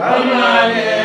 Amen.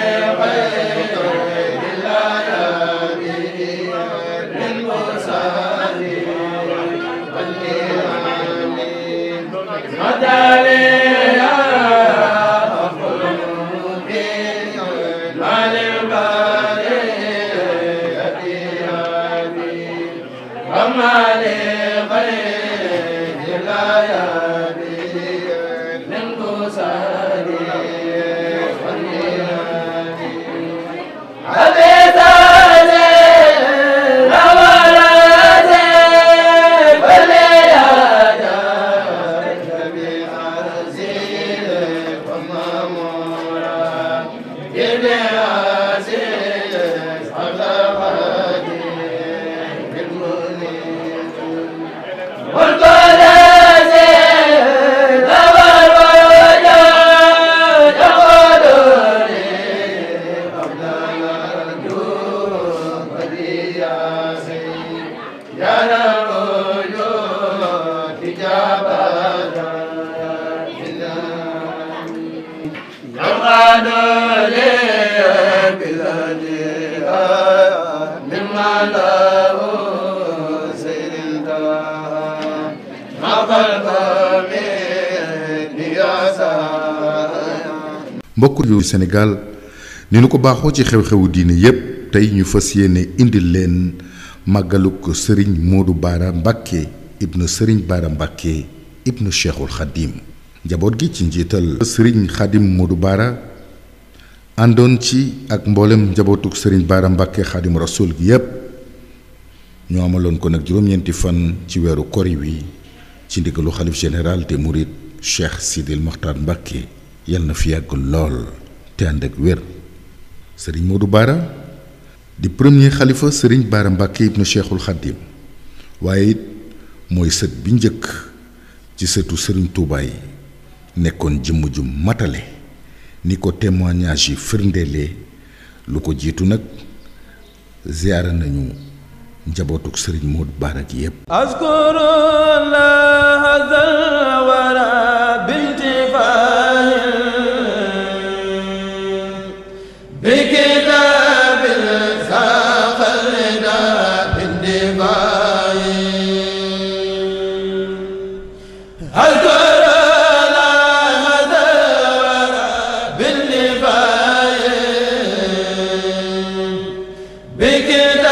bokk réew senegal ni nu ko baaxoo ci xew-xewu diine yépp tey ñu fas yéene indil leen màggaluk sëriñ Modou Bara Mbacke ibnu sëriñ Bara Mbacke ibnu Cheikhul Khadim njaboot gi ci njiital sëriñ Khadim du Bara àndoon ci ak mboolem njabootuk sëriñ Bara Mbacke Khadim Rasoul gi yépp ñu amaloon ko nag juróom fan ci weeru kori wi ci ndigalu xalif général des mourides Cheikh Sidil Mokhtar Mbacke yal na fi yag lol te and ak wer serigne Modou Bara di premier khalifa serigne Bara mbake ibn Cheikhul khadim waye it mooy sët bi njëkk ci seutu serigne Touba yi nekkon ju matale ni ko témoignage yi loko lu ko jitu nag ziyaara nañu njabotuk serigne Modou Bara gi yépp بك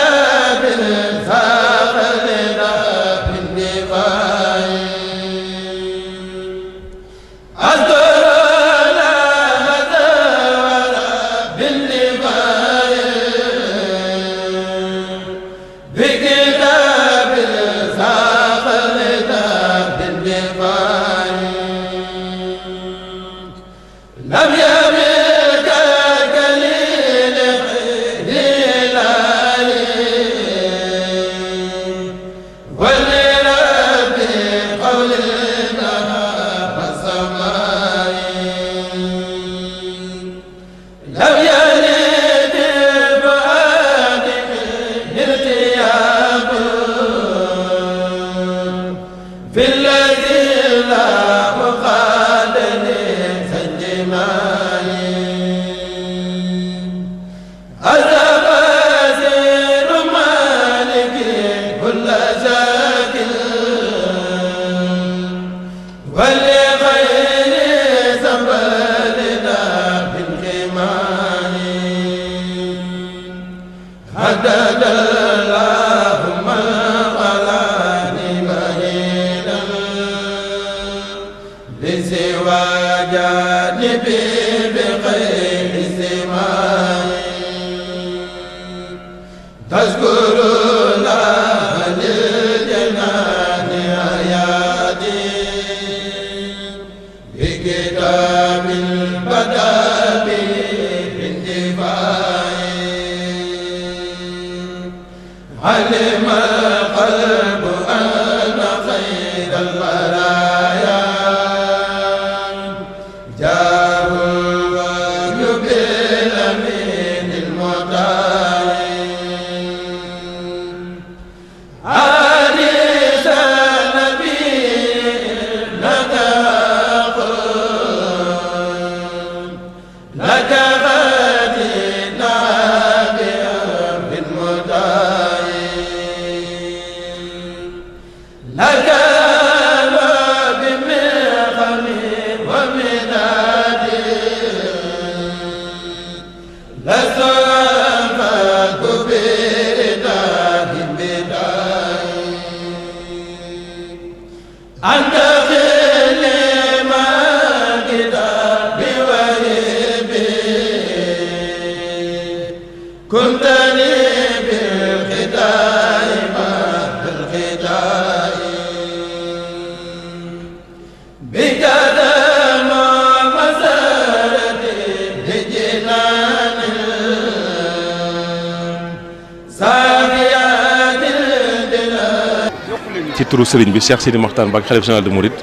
ci turu sëriñ bi Cheikh Sidi Mokhtar Mbacké xalif général de Mouride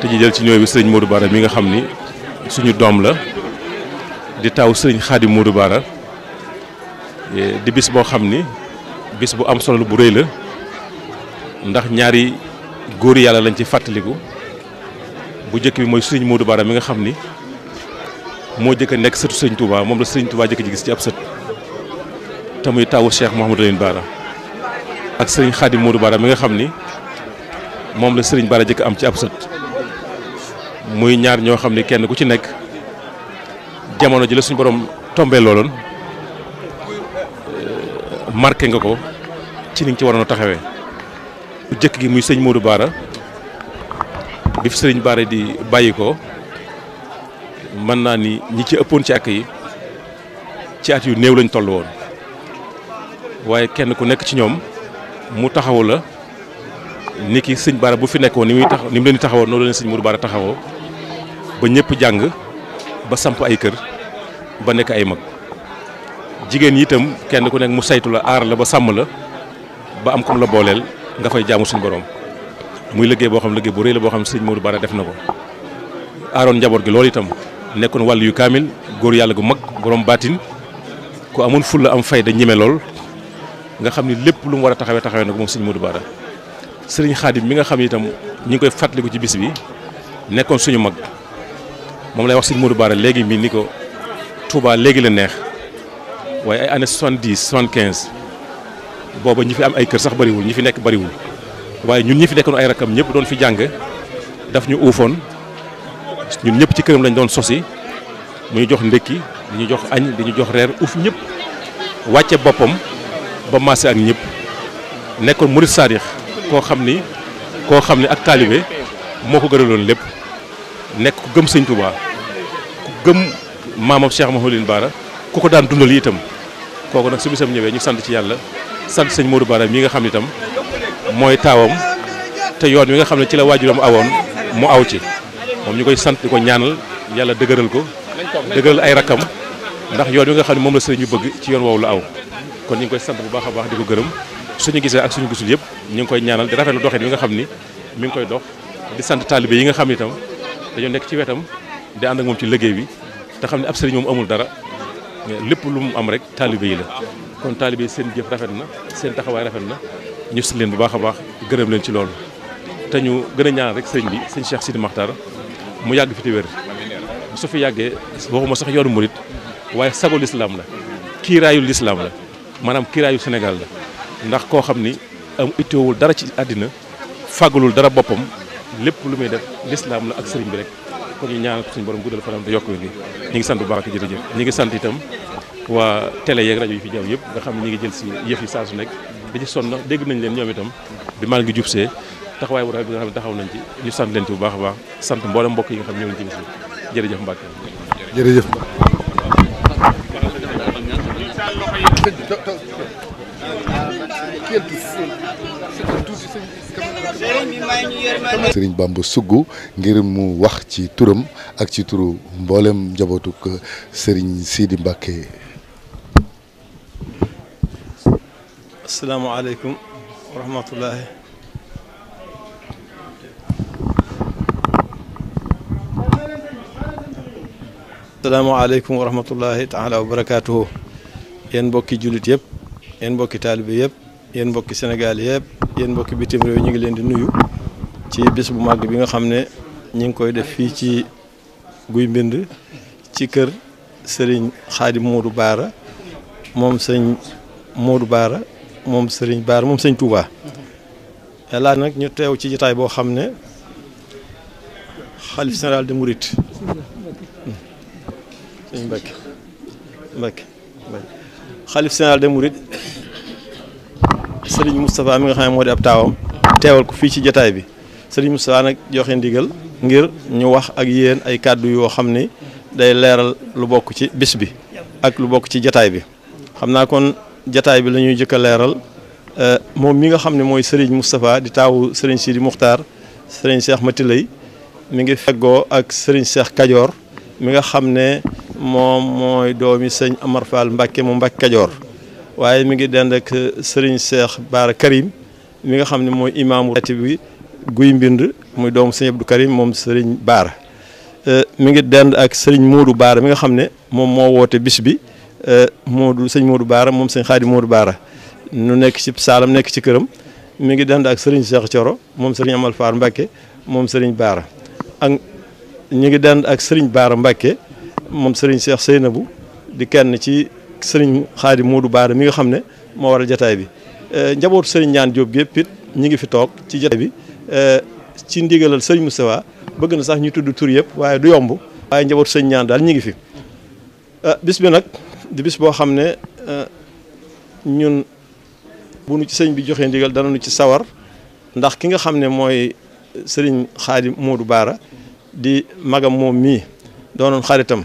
te ji jël ci ñooy bi sëriñ Modou Bara mi nga xam ni suñu doom la di taw sëriñ Xaadim Modou Bara e, di bis boo xam ni bis bu am solo bu rëy la ndax ñaari góor yàlla lañ ci fàttaliku bu njëkk bi mooy sëriñ moodu Bara mi nga xam ni moo jëkk nekk sëtu sëriñ Touba moom la sëriñ Touba njëkk ci gis ci ab sët te muy tawu Cheikh Mouhamadou Lamine Bara ak sëriñ Xaadim Modou Bara bi nga xam ni moom la sëriñ Bara jëkk am ci ab muy ñaar ñoo xam ni kenn ku ci nekk jamono ji la suñu borom tombee looloon euh, marqué nga ko ci ni ci waroon a taxawee bu jëkk gi muy sëñ Modou Bara bi fi sëriñ Bara di bàyyi ko mën naa ni ñi ci ëppoon ci ak yi ci at yu néew lañ toll woon waaye kenn ku nekk ci ñoom. mu taxawu la ni ki sëñ Bara bu fi nekkoon ni muy tax ni mu leen di taxawoo noonu leen sëñ Modou Bara taxawoo ba ñëpp jàng ba samp ay kër ba nekk ay mag jigéen yi itam kenn ku nekk mu saytu la aar la ba sàmm la ba am comme la booleel nga fay jaamu suñu borom muy liggéey boo xam liggéey bu rëy la boo xam sëñ Modou Bara def na ko aaroon njaboot gi lool itam nekkoon wàll yu kaamil góor yàlla gu mag borom baatin ku amoon fulla am fayda ñeme lool nga xam ni lépp lu mu war a taxawee taxawee na ko moom sëñ Modou Bara sëriñ Xaadim mi nga xam ni itam ñu ngi koy fàttaliku ci bis bi nekkoon suñu mag moom lay wax sëñ Modou Bara léegi mii ni ko tuubaa léegi la neex waaye ay années soixante dix soixante quinze booba ñi fi am ay kër sax bariwul ñi fi nekk bariwul waaye ñun ñi fi nekkoon ay rakam ñëpp doon fi jàng daf ñu uufoon ñun ñëpp ci këram lañ doon sosi mu ñu jox ndékki di ñu jox añ di ñu jox reer uuf ñëpp wàcce boppam. ba maase ak ñëpp nekkoon murit saadix koo xam ni koo xam ni ak taalibe moo ko gëraloon lépp nekk ku gëm sëñ Touba ku gëm maamam Cheikh Mahoulin Baara ku ko daan dundal itam kooku nag su bisam ñëwee ñu sant ci yàlla sant sëñ Modou Baara mi nga xam ni itam mooy taawam te yoon wi nga xam ne ci la waajuram awoon mu aw ci moom ñu koy sant di ko ñaanal yàlla dëgëral ko dëgëral ay rakkam ndax yoon wi nga xam ne moom la sëriñ bi bëgg ci yoon woowu la aw kon ñu ngi koy sant bu baax a baax di ko gërëm su suñu gisee ak suñu gisul yëpp ñu ngi koy ñaanal di rafetlu doxin wi nga xam ni mi ngi koy dox di sant taalibe yi nga xam ni itam dañoo nekk ci wetam di ànd ak moom ci liggéey bi te xam ne ab sëriñ moom amul dara lépp lu mu am rek taalibe yi la kon taalibe yi seen jëf rafet na seen taxawaay rafet na ñu si leen bu baax a baax gërëm leen ci loolu te ñu gën a ñaan rek sëriñ bi sëñ Cheikh Sidi Makhtar mu yàgg fi te wér su fi yàggee waxuma sax yoonu murit waaye sago lislaam la kiiraayu lislaam la maanaam kiiraayu Sénégal la ndax koo xam ni am itteewul dara ci àddina fàggalul dara boppam lépp lu muy def lislaam la ak sëriñ bi rek ko ñu ñaanal ko suñu borom guddal fanam te yokk ni ñi ngi sant bu baax ak jërëjëf ñi ngi sant itam waa télé yeeg rajo yi fi jaww yëpp nga xam ne ngi jël si yëf yi saa su nekk di sonn dégg nañ leen ñoom itam bi maa ngi jub see taxawaay bu rafet bi nga xam ne taxaw nañ ci ñu sant leen ci bu baax a baax sant mboolem mbokk yi nga xam ñëw nañ ci bis bi jërëjëf Mbacke sëriñ bu suggu ngir mu wax ci turam ak ci turu mboolem njabootuk sëriñ Sidi Mbacke. asalaamaaleykum wa rahmatullahi. asalaamaaleykum yéen mbokki jullit yëpp yéen mbokki taalibe yëpp yéen mbokki Sénégal yëpp yéen mbokki bitim réew ñu ngi leen di nuyu ci bis bu màgg bi nga xam ne ñu ngi koy def fii ci guy mbind ci kër sëriñ xaadim Modou Baara moom sëñ Modou Baara moom sëriñ Baara moom sëñ Touba yàlla nag ñu teew ci jotaay boo xam ne xalif général de Mouride sëñ Mbacke Mbacke xalif général des mourides sëriñ Moustapha mi nga xam ne moo di ab taawam teewal ko fii ci jataay bi sëriñ Moustapha nag joxe ndigal ngir ñu wax ak yéen ay kàddu yoo xam ni day leeral lu bokk ci bis bi ak lu bokk ci jataay bi xam naa kon jataay bi lañuy ñuy a leeral euh, moom mi nga xam ne mooy sëriñ Moustapha di taawu sëriñ Sidi Muxtaar sëriñ Cheikh Matilay mi ngi feggoo ak sëriñ Cheikh Kajoor mi nga xam ne moom mooy doomi sëñ Amar Fall Mbacke mu Mbacke Kajoor waaye mi ngi dend ak Serigne Cheikh Baara Karim mi nga xam ne mooy imaamu ratib bi guy mbind muy doomu sëñ Abdou moom Serigne Baara euh, mi ngi dend ak Serigne Modou Baara mi nga xam ne moom moo woote bis bi euh, Modou sëñ Modou Baara moom sëñ Xaadi Modou Baara nu nekk ci saalam nekk ci këram mu ngi dend ak Serigne Cheikh Thioro moom Serigne Amal Fall moom Serigne Baara ak ñu ngi dend ak Serigne Baara Mbacke. moom sëriñ Cheikh bu di kenn ci sëriñ Xaadim Moodu Baara mi nga xam ne moo waral jataay bi eh, njabootu sëriñ ñaan Diop gépp it ñi ngi fi toog ci jataay bi eh, ci ndigalal sëriñ Moustapha bëgg na sax ñu tudd tur yëpp waaye du yomb waaye njabootu sëriñ ñaan daal ñi ngi fi eh, bis bi nag di bis boo xam ne ñun bu nu ci sëñ bi joxe ndigal dana nu ci sawar ndax ki nga xam ne mooy sëriñ Xaadim Moodu Baara di magam moom mii doonoon xaritam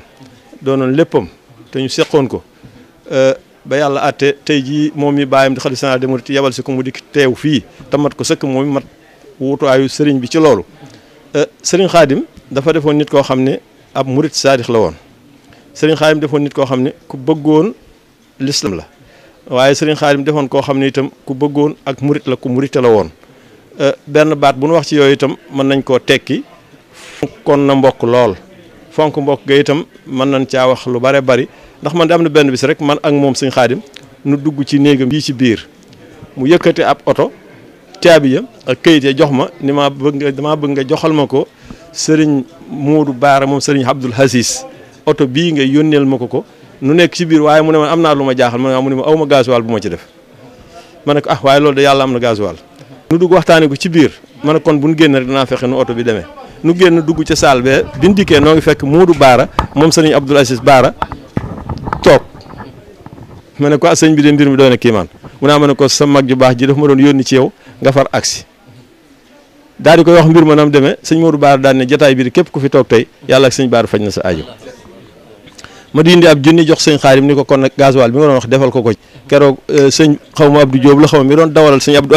doonoon léppam te ñu seqoon ko euh, ba yàlla àtte tey jii moom mi bàyyam di xalifa général des mourides yebal si ko mu dikk teew fii tamat ko sëkk moom mat wutuwaayu sëriñ bi ci loolu euh, sëriñ xaadim dafa defoon nit koo xam ne ab murit saadix la woon sëriñ xaadim defoon nit koo xam ne ku bëggoon l'islam la waaye sëriñ xaadim defoon koo xam ne itam ku bëggoon ak murit la ku murite la woon euh, benn baat bu nu wax ci yooyu itam mën nañ koo tekki kon na mbokk lool fonk mbokk ga itam mën nañ caa wax lu bare bari ndax man de am na benn bis rek man ak moom sëñ xaadim nu dugg ci néegam bii ci biir mu yëkkati ab oto caabi ya ak kayit ya jox ma ni ma bëgg nga damaa bëgg nga joxal ma ko sëriñ Moodu Baara moom sëriñ Abdul Hasis oto bii nga yónneel ma ko ko nu nekk ci biir waaye mu ne man am naa lu ma jaaxal ma mu ne ma aw ma gasoil bu ma ci def ma ne ko ah waaye loolu de yàlla am na gasoil nu dugg waxtaanee ko ci biir ma ne kon bu nu génn rek danaa fexe oto bi demee nu génn dugg ca saal be bi ñu dikkee noo ngi fekk Moodu Baara moom sëriñ Abdoul Aziz Baara toog ma ne ko ah, sëñ bi de mbir mi doon kiimaan mu naa ah, ma ne ko sa mag ju baax ji daf ma doon yónni ci yow nga far agsi daal koy wax mbir ma nam demee sëñ Moodu Baara daan ne jataay biir képp ku fi toog tey yàlla ak sëñ baar faj na sa ajo ma di indi ab junni jox sëñ xaarim ni ko kon nag gasoil bi nga doon wax defal ko ko keroog euh, sëñ xaw ma Abdou Diop la xaw ma mi doon sëñ Abdou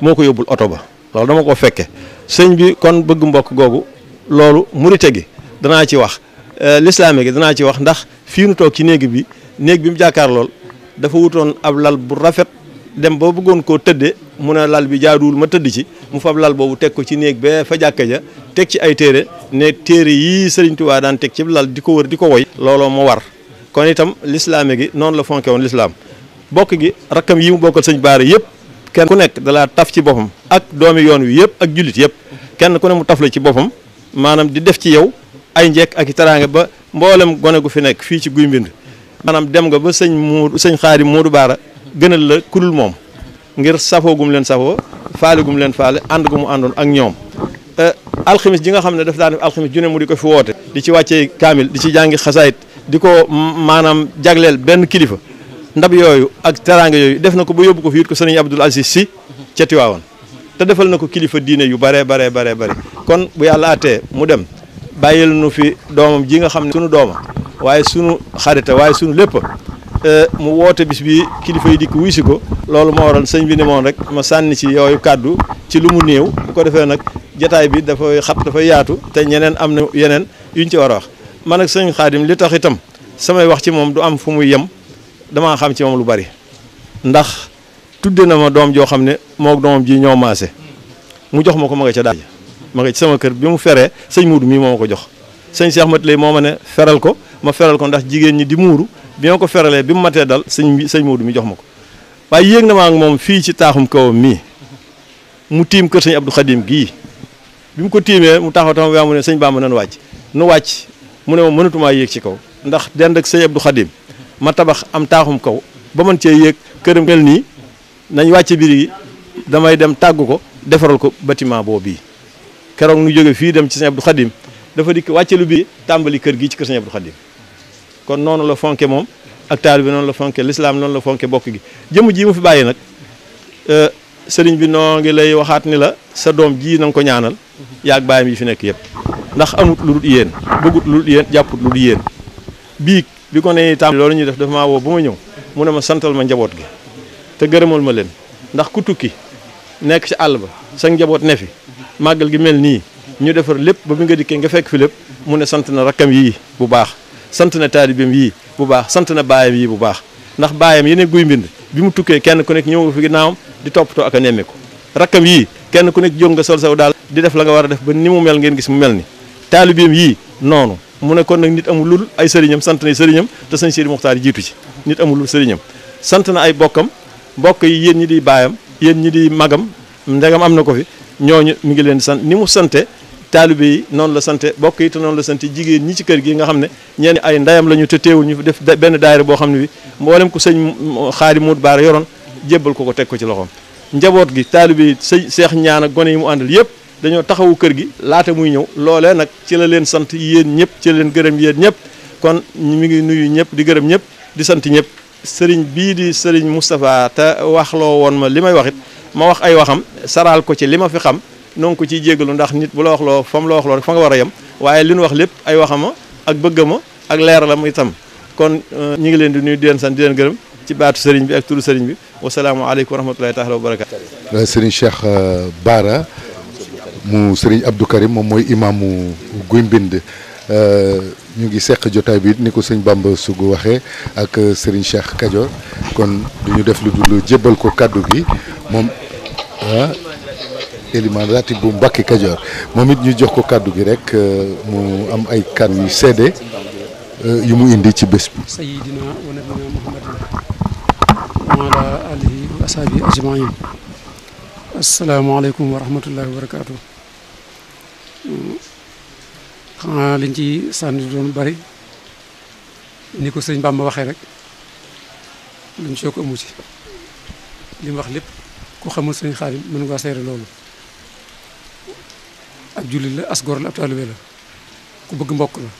moo ko yóbbul ba loolu dama ko fekke sëñ bi kon bëgg mbokk googu loolu murite gi danaa ci wax euh, lislaame gi danaa ci wax ndax fii nu toog ci néeg bi néeg bi mu jàkkaar lool dafa wutoon ab lal bu rafet dem ba bëggoon koo tëdde mu ne lal bi jaaduwul ma tëdd ci mu fab lal boobu teg ko ci néeg bee fa jàkka ja teg ci ay téere ne téere yii Sëriñ Tuubaa daan teg ci lal di ko wër di ko woy looloo ma war kon itam lislaame gi noonu la fonke woon lislaam bokk gi rakkam yi mu bokkal sëñ baara yëpp kenn ku nekk dalaa taf ci boppam ak doomi yoon wi yëpp ak jullit yëpp kenn ku ne mu taf la ci boppam maanaam di def ci yow ay njekk ak i taraanga ba mboolem gone gu fi nekk fii ci guy mbind maanaam dem nga ba sëñ Moodu sëñ Xaadim Moodu Baara gënal la kulul moom ngir safoo gum leen safoo faale gum leen faale ànd gu mu àndoon ak ñoom alxamis ji nga xam ne daf daan def alxamis ju ne mu di ko fi woote di ci wàccee kaamil di ci jàngi xasaayit di ko maanaam jagleel benn kilifa ndab yooyu ak teraanga yooyu def na ko ba yóbbu ko fi yit ko sëriñ Abdoul Aziz si ca Tiwaawan te defal na ko kilifa diine yu bare bare bare bare kon bu yàlla àttee mu dem bàyyil nu fi doomam ji nga xam ne sunu dooma waaye sunu xarita waaye sunu lépp e, mu woote bis bi kilifa yi dikk wuy si ko loolu moo waral sëñ bi ne moon rek ma sànni si yooyu kàddu ci lu mu néew bu ko defee nag jataay bi dafay xat dafay yaatu te ñeneen am na yeneen yuñ ci war a wax man ak sëñ Xaadim li samay wax ci moom du am fu muy yem damaa xam ci moom lu bari ndax tudde na ma doom joo xam ne moo doom ji ñoo maase mu jox ma ko ma ca daal ma nga ci sama kër bi mu feree sëñ Muudu mii moo ma ko jox sëñ Cheikh Mat lay moo ma ne feral ko ma feral ko ndax jigéen ñi di muuru bi ma ko feralee bi mu matee dal sëñ sëñ Muudu mi jox ma ko waaye yéeg na ma ngi moom fii ci taaxum kawam mii mu tiim kër sëñ Abdou Khadim gii bi mu ko tiimee mu taxaw tam yaa mu ne sëñ Bamba nan wàcc nu wàcc mu ne ma mënatumaa yéeg ci kaw ndax dend ak sëñ Abdou Khadim ma tabax am taaxum kaw ba man cee yéeg këram mel nii nañ wàcc biir yi damay dem tàgg ko defaral ko batiment boobu bii keroog nu jóge fii dem ci sëñ Abdou Khadim dafa dikk wàcce lu bii tàmbali kër gi ci kër sëñ Abdou Khadim kon noonu la fonke moom ak taal bi noonu la fonke lislaam noonu la fonke bokk gi jëmm ji mu fi bàyyi nag euh, sëriñ bi noo ngi lay waxaat ni la sa doom jii na nga ko ñaanal yaag baayam yi fi nekk yëpp ndax amut lu dul yéen bëggut lu bi ko nee tam loolu ñuy def dafa maa woo ba ma ñëw mu ne ma santal ma njaboot gi te gërëmal ma leen ndax ku tukki nekk ci àll ba sa njaboot ne fi màggal gi mel nii ñu defar lépp ba bi nga dikkee nga fekk fi lépp mu ne sant na rakkam yii bu baax sant na taalibeem yii bu baax sant na baayam yii bu baax ndax baayam yene guy mbind bi mu tukkee kenn ku nekk ñëw fi ginnaawam di toppatoo ak a ko rakkam yii kenn ku nekk jóg nga sol saw daal di def la nga war a def ba ni mu mel ngeen gis mu mel ni taalibeem yii noonu mu ne kon nag nit amul lul ay sëriñam sant na sëriñam te sëñ Sidi Muxtaar jiitu ci nit amul lul sëriñam sant na ay bokkam mbokk yi yéen ñi di baayam yéen ñi di magam ndegam am na ko fi ñooñu mu ngi leen sant ni mu sante taalibe yi noonu la sante bokk yi te noonu la sante jigéen ñi ci kër gi nga xam ne ñeen ay ndayam la ñu te teewul ñu fi def benn daayira boo xam ne bi mboolem ko sëñ xaari muut baara yoroon jébbal ko ko teg ko ci loxoom njaboot gi taalibe yi sëñ seex ñaan gone yi mu àndal yëpp dañoo taxawu kër gi laata muy ñëw loolee nag ci la leen sant yéen ñëpp ci la leen gërëm yéen ñëpp kon mi ngi nuyu ñëpp di gërëm ñëpp di sant ñëpp sëriñ bii di sëriñ Moustapha te waxloo woon ma li may wax it ma wax ay waxam saraal ko ci li ma fi xam noo ngi ko ciy jégalu ndax nit bu la waxloo fa mu la waxloo rek fa nga war a yem waaye li nu wax lépp ay waxama ak ma ak leer la muy tam kon euh, ñi ngi leen di nuyu di leen sant di leen gërëm ci baatu sëriñ bi ak turu sëriñ bi wasalaamualeykum wa rahmatulahi taala wa barakaatu. sëriñ Cheikh euh, Bara. mu Serigne Abdou Karim moom mooy imaamu guy mbind euh, ñu ngi seq jotaay bi ni ko sëñ su Sougou waxee ak Serigne Cheikh Kajoor kon duñu def lu dul jébbal ko kàddu gi moom ah Eliman Ratib bu Mbàkke Kajoor moom it ñu jox ko kàddu gi rek euh, mu am ay kan yu seede euh, yu mu indi ci bés bi. Sayyidina wa nabiyina Muhammadin wa ala alihi wa ashabihi ajmain asalaamaaleykum wa rahmatullahi xanaa lañ ci sànni doon bari ni ko sëñ Bamba waxee rek luñ soo ko amu ci li wax lépp ku xamul sëñ Xaadim mën nga seere loolu ak jullit la as la ab taalibe la ku bëgg mbokk la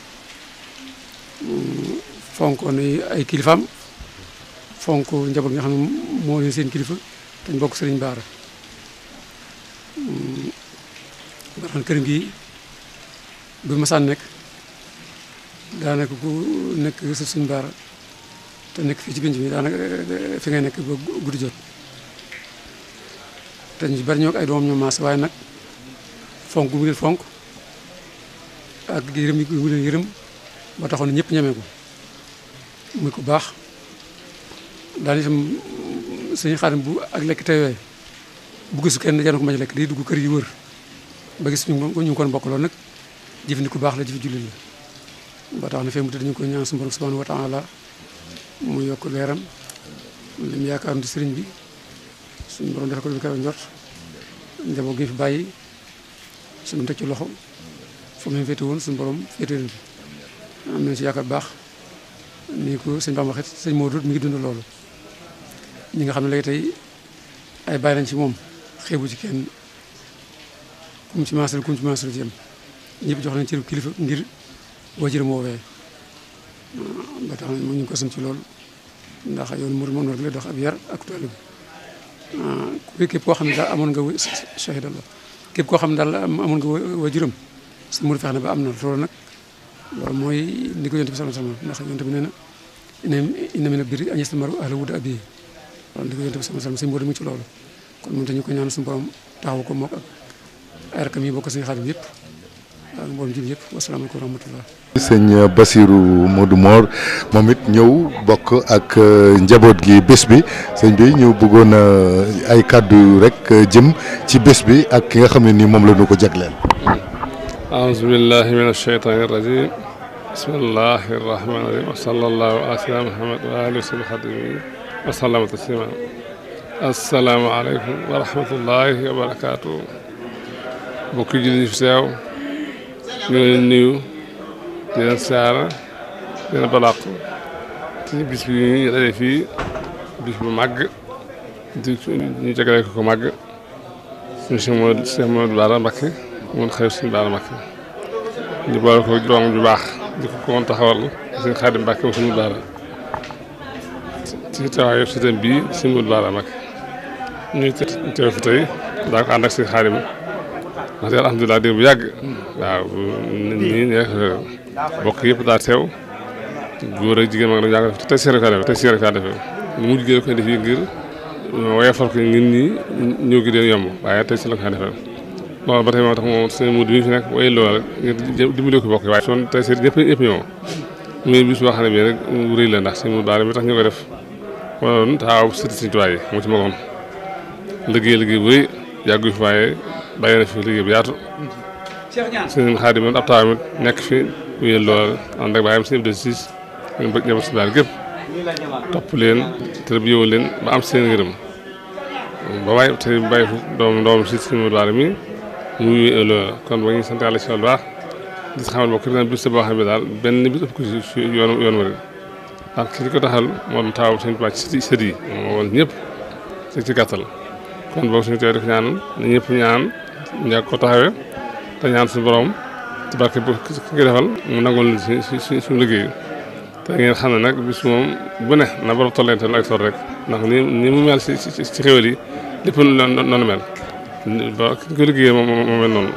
fonk na ay kilifaam fonk njaboot nga xam ne moo leen seen kilifa te ñu bokk sëriñ Baara nga xam këram gi bu masaan nekk daanaka ku nekk suñu baara te nekk fii ci penc mi daanaka eh, fi ngay nekk ba guddi jot te ñu bari ñoo ay doom ñoo waaye nag fonk gu leen fonk ak yërëm gu yërëm ba taxoon ñëpp ñeme ko muy ko baax daal itam suñu xaarim bu ak lekk teewee bu gisu kenn jaanu ko ma lekk day dugg kër yi wër ba gis ñu ñu ngi kon bokkaloon nag jëf ni ku baax la jëf jullit la ba tax na fee mu tëdd ñu ko ñaan su borom subhanahu wa taala mu la mu yaakaaroon ci sëriñ bi suñu borom defal ko lu kaw njort njaboot gi fi bàyyi suñu teg ci loxo fu mu féete woon suñu borom féete leen fi am nañu baax ni ko sëñ Bamba waxee sëñ Modou mi ngi dund loolu ñi nga xam ne léegi tey ay bàyyi lañ ci moom xeebu ci kenn kum ci maasal kum ci maasal ci yam ñëpp jox nañ ci kilifa ngir wajuram woowee ba tax na ñu ko sant ci loolu ndax yoon mur moom rek la dox ab yar ak taalib ku képp koo xam ne amon amoon nga shahid allah képp koo xam ne daal amoon nga wajuram su mur fex na ba am na loolu nag loolu mooy ni ko yonte bi sama sama ndax yonte bi maru sama sama sëñ boo ci loolu kon moom te ñu ko ñaan borom taxaw ko ak ay rakam yi bokk suñu xarit yëpp mboolem jib yëpp wasalaamaaleykum wa rahmatullah moom it ñëw bokk ak euh, njaboot gi bés bi sëñ bi ñu bëggoon euh, ay kàddu rek euh, jëm ci bés bi ak ki nga xam ne nii moom la ñu ko jagleel aouzu billahi min asheytani irrajim bismillahi irrahmani irrahim wa sallallahu ala sayyidina Muhammad wa alihi wa sahbihi xadimi wa sallama taslima assalaamu aleykum wa rahmatullahi wa barakatuh mbokk yi ñu fi seew ñu leen nuyu di saara di leen balaq ci bis bi daje fii bis bu màgg di ñu jagale ko ko màgg suñu si moo si moo baara Mbakke mun xëy suñu baara Mbakke ñu boole ko doom ju baax di ko ko woon taxawal suñu Xaadim Mbakke mu suñu baara ci ñu teew fi tey daa ko ànd ak Xaadim wax dëgg alhamdulilah diir bu yàgg. waaw nii nii bokk yëpp daa teew góor ak jigéen mag dañu yàgg te seere kaa defee te seere kaa defee mujj gi koy def ngir waaye far ko ngir ñi ñëw gi deen yomb waaye tey si la kaa defee loolu ba tey moo tax moom seen mud bi fi nekk waaye loolu rek ngir dimbali ko bokk waaye son tey seet ñëpp ñëpp ñëw muy bis boo xam ne bii rek rëy la ndax seen mud baare mi tax ñu koy def wala taaw sëti siñ tuwaay yi moo ci magoon liggéey liggéey bu rëy yàggu fi waaye bàyyi na fi liggéey bu yaatu sëñ Xaadim ab taawam it nekk fi wéyal lool ànd ak bàyyam sëñ Abdou Siis ak bëgg njaboot gépp topp leen tërbiyewu leen ba am seen ngërëm ba bàyyi te bàyyi fi doom doom si sëñ Moodu Bara mi mu wéyal kon ba ñuy sant yàlla si xamal boo xam ne daal benn bis ëpp ko si yoon yoon wari ndax ki ko taxal moo doon taawu sëñ Tuubaa ci sët yi moo woon ñëpp ci gàttal kon boog suñu tey def ñaan ñëpp ñaan yàgg ko taxawee te ñaan suñu borom ci barke ki defal mu nangul leen si si si suñu liggéey te ngeen xam ne nag bis moom bu ne na borom tolleen teen ak sor rek ndax ni ni mu mel si ci xéwal yi lépp noonu mel ba ki ko liggéeyee moom moo mel noonu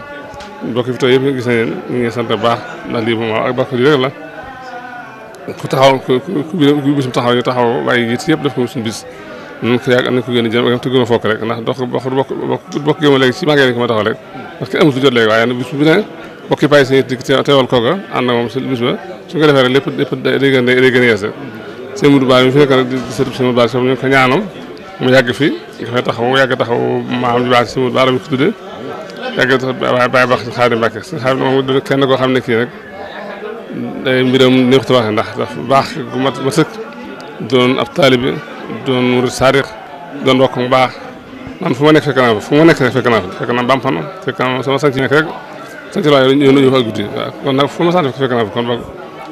mbokk yi fi tey yëpp gis nañ leen ñu ngi sant baax ndax lii moom ak barke ji rek la ku taxaw ku bis mu taxaw ñu taxaw waaye yit yëpp def ko suñu bis nañ ko yàgg am nañ ko gën a jëm te gën a fokk rek ndax dox bokk bokk gëma léegi si màggee lañ ko ma taxaw rek parce que amul su jot léegi waaye nag bis bu ne bokki bàyyi seen dikk teewal kooka ànd ak moom si bis ba su ko defee rek lépp lépp day gën day gën a yees seen mudu baal mi fi nekk nag di sëtub seen mudu baal ñu ko ñaanal mu yàgg fi nga fay taxaw mu yàgg taxaw maam ju baax seen mudu baal mi ko tuddee yàgg waaye bàyyi baax si Xaadim Mbàkke si Xaadim moom dina kenn koo xam ne kii nag day mbiram neexut a waxee ndax daf baax gu mat ma sëkk doon ab taalibe doon murid saadix doon mbokk mu baax fu ma nekk fekk naa fa fu ma nekk rek fekk naa fa fekk rek sant laa yoon la ñu fa guddi fu ma sant fekk naa fa kon boog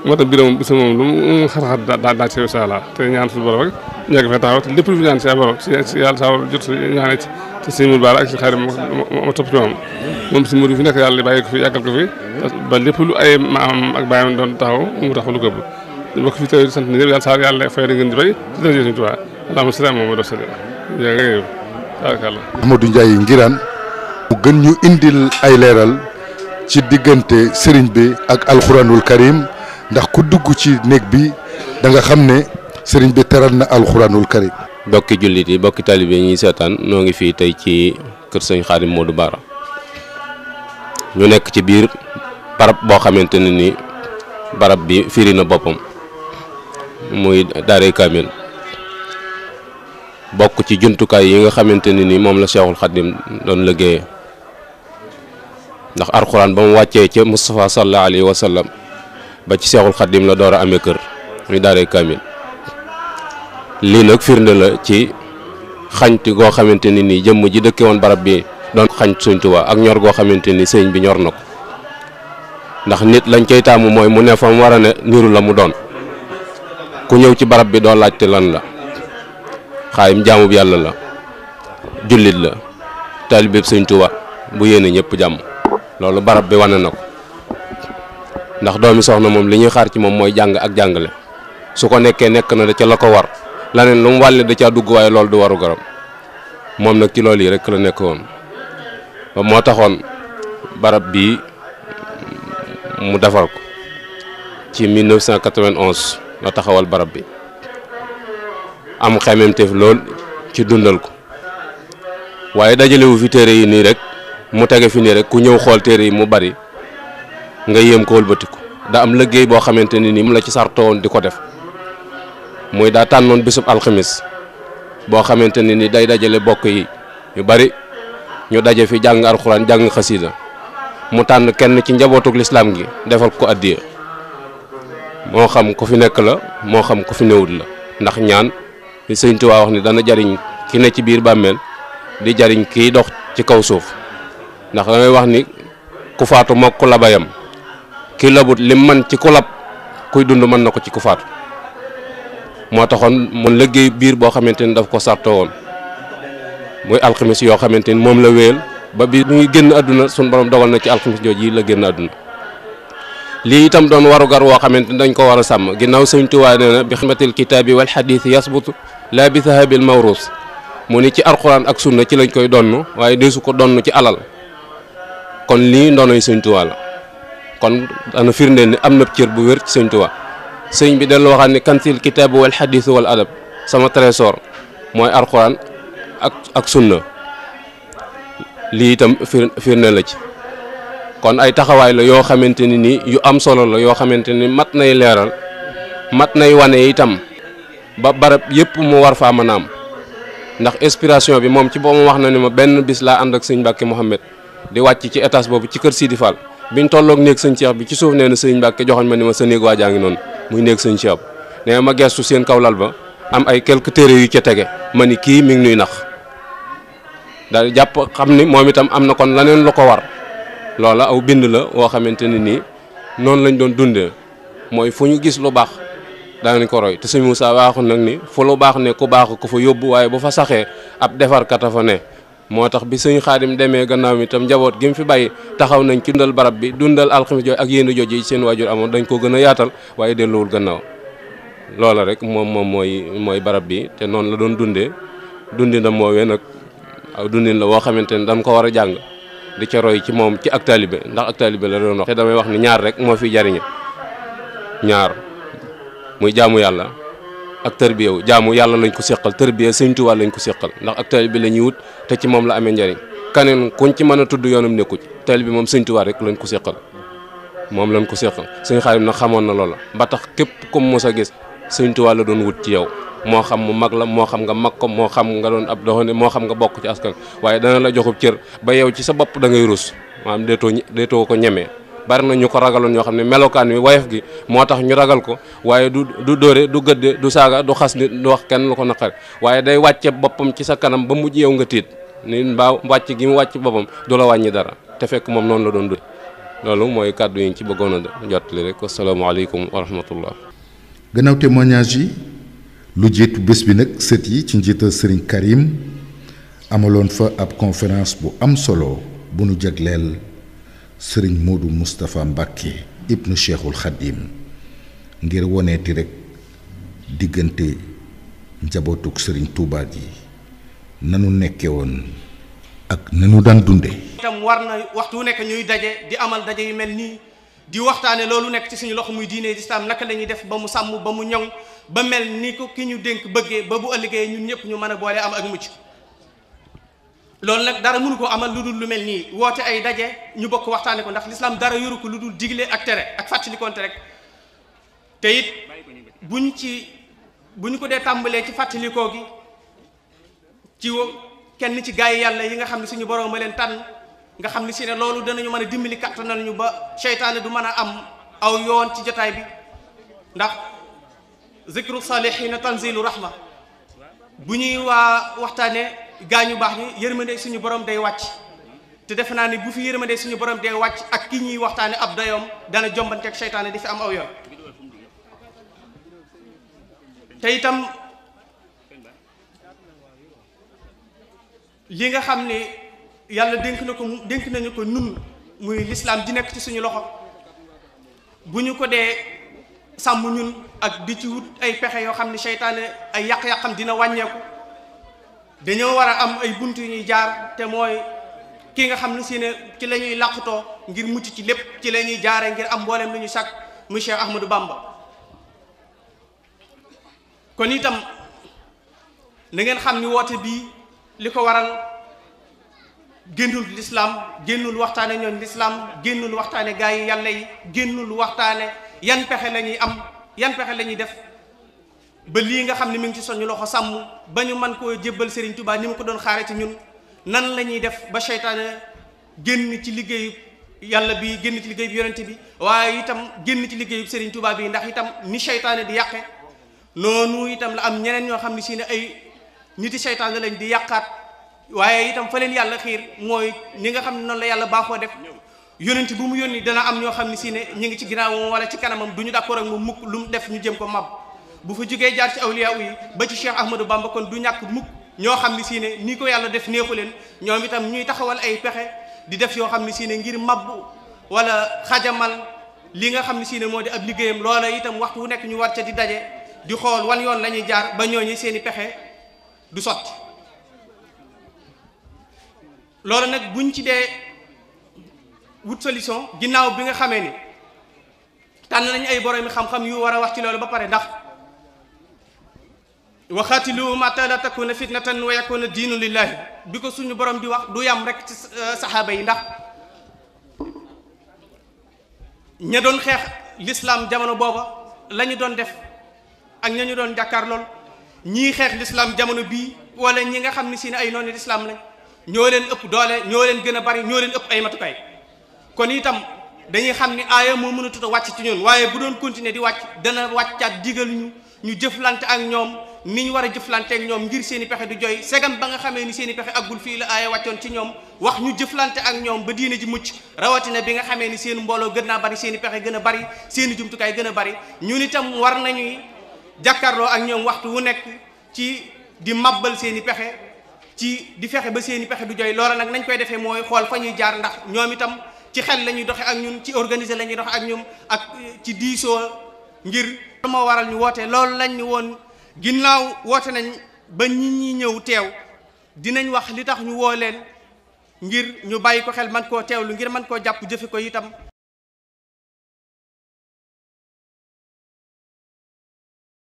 moo tax biir moom bis moom lu mu xar-xar daa daa ci incha te ñaan suñu borom rek ñu yàgg fee taxaw te lépp lu fi ñaan si borom si yàlla saa jot si ñaane ci te sëñ Mourou lépp lu ay maam ak bàyyam doon taxaw mu taxaw lu gëbb bokk fi teew sant ñëpp yàlla saar yàlla fay na ngeen di bay ci dara Sëriñ Tuubaa allahumma salli ala Muhammad sallallahu alayhi wa sallam Amadou Ndiaye Nguirane mu gën ñu indil ay leeral ci diggante sëriñ bi ak alxuraanul karim ndax ku dugg ci néeg bi da nga xam ne bi teral na alxuraanul karim bokki jullit yi bokki taalibe yi ñuy seetaan noo ngi fii tey ci kër sëñ Xaadim Modou Bara ñu nekk ci biir barab boo xamante ni barab bi firina na muy daaray kamil bokku ci jumtukaay yi nga xamanteni ni mom la cheikhul khadim don liggéeyee ndax alquran ba wacce ci Mustafa sallallahu Alaihi Wasallam, ba ci cheikhul khadim la doora amé amee kër muy daaray kamil li nak firnde la ci xañti go xamanteni ni jëm ji dëkke won barab bi don xañ Sëñ Tuubaa ak ñor go xamanteni seigne bi ñor na ndax nit lañ cey tamu moy mu nefam fa niru la mu don ku ñëw ci barab bi doo laajte lan la xaayim jaamub yàlla la jullit la taalibeeb sëñ Tuuba bu yéene ñëpp jàmm loolu barab bi wane na ko ndax doomi soxna moom li ñuy xaar ci moom mooy jàng ak jàngale su ko nekkee nekk na da ca la ko war laneen lu mu wàlle da caa dugg waaye loolu du waru garam moom nag ci lool yi rek la nekk woon ba moo taxoon barab bii mu defar ko ci 1991 na taxawal barab bi am xememteef lool ci dundal ko waaye dajalewu fi téere yi nii rek mu tege fi nii rek ku ñëw xool téere yi mu bari nga yéem ko wëlbatiku daa am liggéey boo xamante ni ni mu la ci sartowoon di ko def muy daa tànnoon bisub alxamis boo xamante ne ni day dajale bokk yi yu bari ñu daje fi jàng alxuraan jàng xasiida mu tànn kenn ci njabootuk lislaam gi defal ko addiya moo xam ko fi nekk la moo xam ko fi newut la ndax ñaan li Sëñ waa wax ni dana jariñ ki ne ci biir bàmmeel di jariñ kiy dox ci kaw suuf ndax damay wax ni ku faatu moo ku labayam ki labut li man ci ku lab kuy dund mën na ko ci ku faatu moo taxoon mu liggéey biir boo xamante ni daf ko sartoo woon muy alxamis yoo xamante ni moom la wéyal ba bi muy génn àdduna suñ borom dogal na ci alxamis jooju yi la génn àdduna lii itam doon warugar woo xamante ni dañ ko war a sàmm ginnaaw sëñ Tuubaa nee na bi xidmatil kitaabi wal xadiis yasbutu laa bi sahabil mawruus mu ni ci alxuraan ak sunna ci lañ koy donn waaye deesu ko donn ci alal kon lii ndonoy sëñ Tuubaa la kon dana firndeel ni am na cër bu wér ci sëñ Tuubaa sëñ bi dellu waxaat ni kansil kitaabi wal xadiis wal adab sama trésor mooy alxuraan ak ak sunna lii itam fir firnde la ci kon ay taxaway la yo xamanteni ni yu am solo la yo xamanteni mat nay leeral mat nay wane itam ba barab yépp mu war fa mën ndax inspiration bi mom ci boobu wax na ni ma ben bis la ànd ak sëñ Mbàkke Mouhamed di wacc ci étage bobu ci keur Sidi Fall biñ tolloog neek sëñ Cheikh bi ci souf neena na sëñ Mbàkke ma ni ma jangi non muy neek Cheikh ne ma gestu seen kawlal ba am ay quelques téere yu ci tege ma ni mi ngi nuy nax dal japp xamni momitam amna am kon lanen lako war loola aw bind la woo xamante ne nii noonu lañ doon dundee mooy fu ñu gis lu baax danañ ko roy te sëñ Moussa baaxu nag ni fu lu baax ne ku baaxu ko fa yóbbu waaye bu fa saxee ab defarkat a fa ne moo tax bi sëñ xaadim demee gannaaw mi tam njaboot gi mu fi bàyyi taxaw nañ ci dundal barab bi dundal alxames jooy ak yéen jooju seen waajur amoon dañ ko gën a yaatal waaye delluwul gannaaw loola rek moom moom mooy barab bi te noonu la doon dundee dundin la moowee nag aw dundin la woo xamante ne dañ ko war a jàng di ca roy ci moom ci ak taalibe ndax ak taalibe la doon wax te damay wax ni ñaar rek moo fi jariñe ñaar muy jaamu yàlla ak tërbiya wu jaamu yàlla lañ ko seqal tërbiya Sëñ Tuubaa lañ ko seqal ndax ak taalibe la ñuy wut te ci moom la amee njariñ kaneen kuñ ci mën a tudd yoonam nekku ci taalibe moom Sëñ Tuubaa rek lañ ko seqal moom lañ ko seqal Sëñ Xaadim nag xamoon na loola ba tax képp comme mos a gis Sëñ Tuubaa la doon wut ci yow mo xam mu mag la mo xam nga mag ko mo xam nga don ab doxone mo xam nga bok ci askan waaye dana la joxu cieur ba yow ci sa bop da ngay rus manam deto deto ko ñemee bar na ñu ko ragaloon ñoo xam ne wi wayef gi motax ñu ragal ko waye du du dóore du gëdde du saga du xass nit du wax kenn lako ko waye day wacce bopam ci sa kanam ba mujj yow nga tit ni ba wàcc gi mu wàcc bopam du la wañi dara te fekk mom non la doon du lolu moy kàddu yi ci bëggono jot li rek wa rahmatullah gënaw témoignage yi lu jiitu bés bi nag sët yi ci njiital Serigne Karim amaloon fa ab conférence bu am solo bu nu jagleel Serigne Modou Moustapha Mbacke ibnu Cheikhul Khadim ngir woneeti rek diggante njabootug sëriñ Touba yi nanu nekke woon ak nanu daan dunde itam war na waxtu nekk ñuy daje di amal daje yu mel nii. di waxtaane loolu nekk ci suñu loxo muy diine lislaam naka lañuy def ba mu sàmm ba mu ñoŋ ba mel ni ko ki ñu dénk bëggee ba bu ëllëgee ñun ñëpp ñu mën a boole am ak mucc loolu nag dara mënu ko amal lu dul lu mel nii woote ay daje ñu bokk waxtaane ko ndax lislaam dara yoru ko lu dul digle ak tere ak fàttalikoonte rek te it buñ ci bu ñu ko dee tàmbalee ci fàttalikoo gi ci kenn ci gaay yàlla yi nga xam ne suñu borom ma leen tànn nga xam ni si ne loolu danañu mën a dimbali kattanal ñu ba seytaane du mën a am aw yoon ci jotaay bi ndax zikru salihina tanzilu rahma bu ñuy waa waxtaane ñu baax ñi yërmande suñu borom day wàcc te defe naa ni bu fi yërmande suñu borom day wàcc ak ki ñuy waxtaane ab dayoom dana jombanteeg seytaane di fi am aw yoon te itam li nga xam ni yàlla dénk na ko dénk nañu ko nun muy lislaam di nekk ci suñu loxo bu ñu ko dee sàmm ñun ak di ci wut ay pexe yoo xam ne seytaane ay yàq-yàqam dina wàññeeku dañoo war a am ay bunt yu ñuy jaar te mooy kii nga xam ne si ne ci la làqutoo ngir mucc ci lépp ci la ñuy jaare ngir am mbooleem lu ñu sàkk muy Cheikh Ahmadou Bamba kon itam na xam ni woote bii li ko waral génnul lislaam génnul waxtaane ñooñ lislaam génnul waxtaane gaa yi yàlla yi génnul waxtaane yan pexe lañuy am yan pexe la ñuy def ba lii nga xam ne mi ngi ci soñu loxo sàmm ba mën koo jébbal Serigne Touba ni mu ko doon xaare ci ñun nan la ñuy def ba seytaane génn ci liggéeyu yàlla bi génn ci liggéeyu yonante bi waaye itam génn ci liggéeyu Serigne Touba bi ndax itam ni seytaane di yàqe noonu itam la am ñeneen ñoo xam ne si ne ay niti seytaane lañ di yàqaat waaye itam fa leen yàlla xiir mooy ni nga xam ne noonu la yàlla baaxoo def yónent bu mu yónni dana am ñoo xam ne si ne ñu ngi ci ginnaawam wala ci kanamam du ñu d'accord ak mu mukk lu mu def ñu jëm ko mab bu fa jógee jaar ci awliya yi ba ci Cheikh Ahmadou Bamba kon du ñàkk mukk ñoo xam ne si ne ni ko yàlla def neexu leen ñoom itam ñuy taxawal ay pexe di def yoo xam ne si ne ngir mabbu wala xajamal li nga xam ne si ne moo di ab liggéeyam loola itam waxtu wu nekk ñu war di daje di xool wan yoon la ñuy jaar ba ñooñu seen i pexe du sotti lolu nak buñ ci dé wut solution ginnaw bi nga xamé ni tan nañ ay borom xam-xam yu wara wax ci lolu ba pare ndax wa khatilu ma ta la takuna fitnatan wa yakuna dinu lillahi biko suñu borom di wax du yam rek ci sahaba yi ndax ña doon xex l'islam jamono booba lañu doon def ak ñañu doon jakar lol ñi xex l'islam jamono bi wala ñi nga xamni seen ay noonu l'islam lañ ñoo leen ëpp doole ñoo leen gën a bari ñoo leen ëpp ay matukaay kon itam dañuy xam ni aaya moo mën a tuta wàcc ci ñun waaye bu doon continuer di wàcc dana wàccaat digal ñu ñu jëflante ak ñoom ni ñu war a jëflante ak ñoom ngir seen i pexe du joy segam ba nga xamee ni seen i pexe aggul fii la aaya wàccoon ci ñoom wax ñu jëflante ak ñoom ba diine ji mucc rawatina bi nga xamee ni seen mbooloo gën naa bari seeni pexe gën a bari seeni i jumtukaay gën a bari ñun itam war nañuy jàkkaarloo ak ñoom waxtu wu nekk ci di mabbal seen i pexe ci di fexe ba seeni pexe du joy loola nag nañ koy defee mooy xool fa ñuy jaar ndax ñoom itam ci xel la ñuy doxe ak ñun ci organiser la ñuy doxe ak ñun ak eh, ci diisoo ngir moo waral ñu woote loolu lañ ñu woon ginnaaw woote nañ ba nit ñëw teew dinañ wax li tax ñu woo leen ngir ñu bàyyi ko xel man koo teew lu ngir man koo jàpp jëfe ko itam